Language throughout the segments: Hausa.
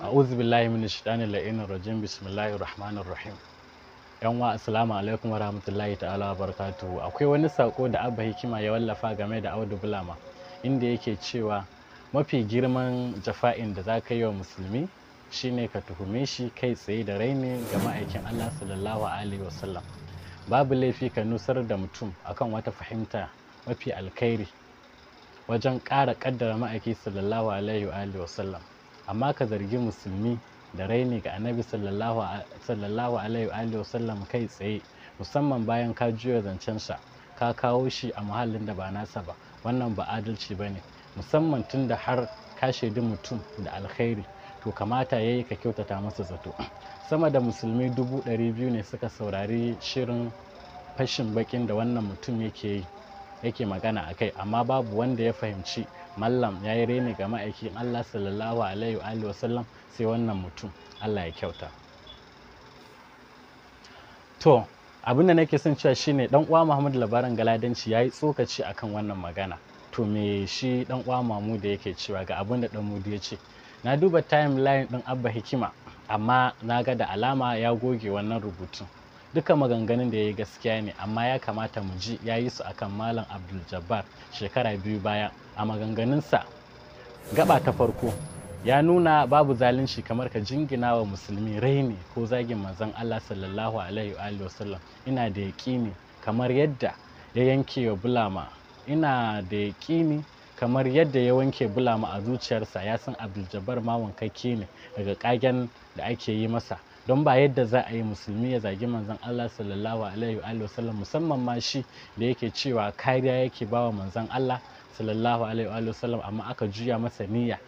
a'udhu billahi minash shaitani la'inir rajim bismillahir rahmanir rahim yan wa assalamu alaikum wa rahmatullahi ta'ala wa barakatuhu akwai wani sako da abba hikima ya wallafa game da audu bulama inda yake cewa mafi girman jafa'in da zaka yi wa musulmi shine ka tuhume shi kai tsaye da raini ga ma'aikin Allah sallallahu alaihi wasallam babu laifi ka nusar da mutum akan wata fahimta mafi alkhairi wajen ƙara ƙaddara ma'aiki sallallahu alaihi wasallam amma ka zargi musulmi da raini ga annabi sallallahu alaihi wa sallam kai tsaye musamman bayan ka juya zancen sa ka kawo shi a muhallin da ba nasa ba wannan ba adalci ba ne musamman tun da har ka shaidi mutum da alkhairi to kamata ya yi ka kyautata masa zato sama da musulmi dubu ɗari biyu ne suka saurari shirin fashin bakin da wannan mutum yake yi yake magana a kai amma babu wanda ya fahimci mallam ya yi reni ga ma'aikin allah sallallahu alaihi wa sallam sai wannan mutum allah ya kyauta to abin da nake son cewa shine dan uwa muhammadu labaran galadanci ya yi tsokaci akan wannan magana to me shi dan uwa mamu da yake cewa ga abin da dan mudu ya ce na duba timeline din abba hikima amma na ga da alama ya goge wannan rubutun duka maganganun da ya yi gaskiya ne amma ya kamata mu ji ya yi su akan malam abdul jabbar shekara biyu baya a maganganunsa gaba ta farko ya nuna babu zalunci kamar ka jingina wa musulmi raini ko zagin manzon allah sallallahu alaihi wa wasallam ina da yaƙini kamar yadda ya yanke wa bulama ina da yaƙini kamar yadda ya wanke bulama a zuciyarsa ya san abdul jabbar ma wankakke ne daga kagen da ake yi masa don ba yadda za a yi musulmi ya zagi manzon Allah sallallahu alaihi wa sallam musamman ma shi da yake cewa kariya yake ba wa manzon Allah sallallahu alaihi wa sallam amma aka juya masa niyya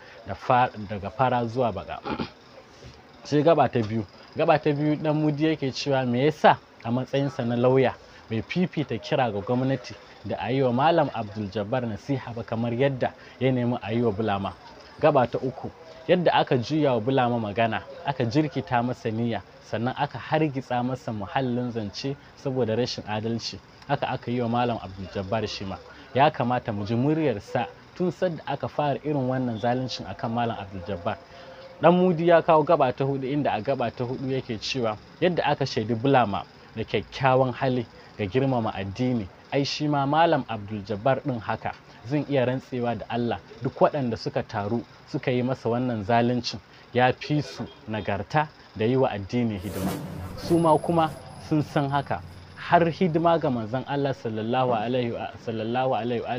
daga fara zuwa baka sai gaba ta biyu gaba ta biyu dan mudi yake cewa me yasa a matsayinsa na lauya bai fifita kira ga gwamnati da a yi wa malam abdul jabbar nasiha ba kamar yadda ya nemi a yi wa bulama gaba ta uku yadda aka juya wa bulama magana aka jirkita masa niyya sannan aka hargitsa masa muhallin zance saboda rashin adalci haka aka yi wa malam abdul jabbar shi ma ya kamata mu ji muryarsa tun sadda aka fara irin wannan zaluncin akan malam abdul jabbar dan mudi ya kawo gaba ta hudu inda a gaba ta hudu yake cewa yadda aka shaidi bulama da kyakkyawan hali ga girmama addini ai shi ma malam abdul jabbar ɗin haka zan iya rantsewa da allah duk waɗanda suka taru suka yi masa wannan zaluncin ya fi su nagarta da yi wa addini hidima su ma kuma sun san haka har hidima ga manzon Allah sallallahu alaihi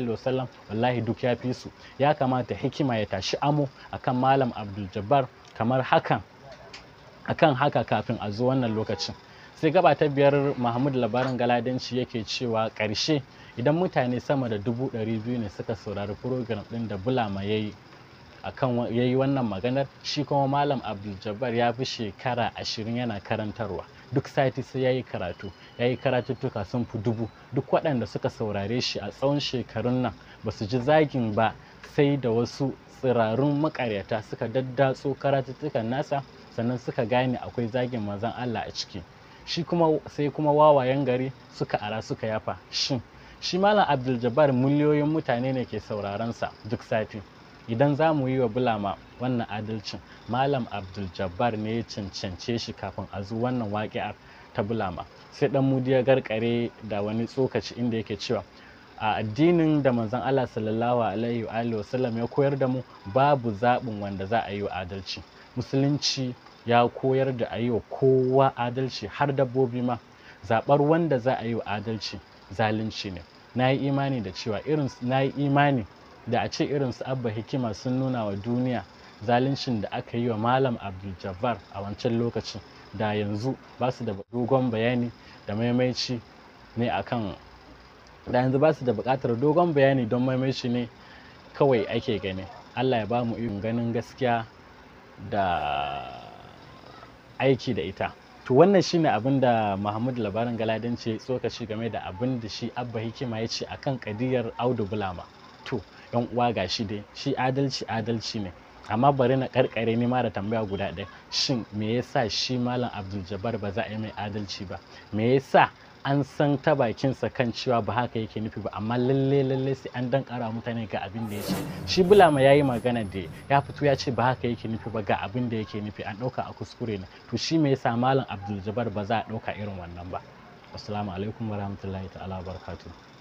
wa sallam wallahi duk ya fi su ya kamata hikima ya tashi amo akan malam Abdul Jabbar kamar hakan akan haka kafin a zo wannan lokacin sai gaba ta biyar mahmud labarin galadanci yake cewa karshe idan mutane sama da dubu ɗari biyu ne suka saurari program ɗin da bulama ya yi akan ya yi wannan maganar shi kuma malam abdul ya fi shekara ashirin yana karantarwa duk sati sai ya yi karatu ya yi karatuttuka sun fi dubu duk waɗanda suka saurare shi a tsawon shekarun nan ba su ji zagin ba sai da wasu tsirarun makaryata suka daddatso karatuttukan nasa sannan suka gane akwai zagin mazan allah a ciki shi kuma sai kuma wawayen gari suka ara suka yafa shin shi malam abdul miliyoyin mutane ne ke sauraron sa duk sati idan za mu yi wa bulama wannan adalcin malam abdul jabbar ne ya cancance shi kafin a zuwa wannan waƙi'ar ta bulama sai dan mudi ya garkare da wani tsokaci inda yake cewa a addinin da manzon Allah sallallahu alaihi wa sallam ya koyar da mu babu zaɓin wanda za a yi wa adalci musulunci ya koyar da a yi wa kowa adalci har dabbobi ma zaɓar wanda za a yi wa adalci zalunci ne na yi imani da cewa irin na yi imani da a ce irinsu su abba hikima sun nuna wa duniya zaluncin da aka yi wa malam abdul a wancan lokacin da yanzu ba su da dogon bayani da maimaici ne akan da yanzu ba su da buƙatar dogon bayani don maimaici ne kawai ake gani allah ya ba mu ganin gaskiya da aiki da ita to wannan shine abin da Muhammadu labarin galadan ce tsokaci game da abin da shi abba hikima ya ce akan kadiyar audu bulama to yan uwa ga shi dai shi adalci adalci ne amma bari na karkare ni ma tambaya guda ɗaya shin me yasa shi malam abdul jabbar ba za a yi mai adalci ba me yasa an san ta bakin sa kan cewa ba haka yake nufi ba amma lalle lalle sai an dan kara mutane ga abin da ya shi bulama ya yi magana da ya fito ya ce ba haka yake nufi ba ga abin da yake nufi an ɗauka a kuskure ne to shi me yasa malam abdul jabbar ba za a ɗauka irin wannan ba assalamu alaikum warahmatullahi ta'ala barakatuh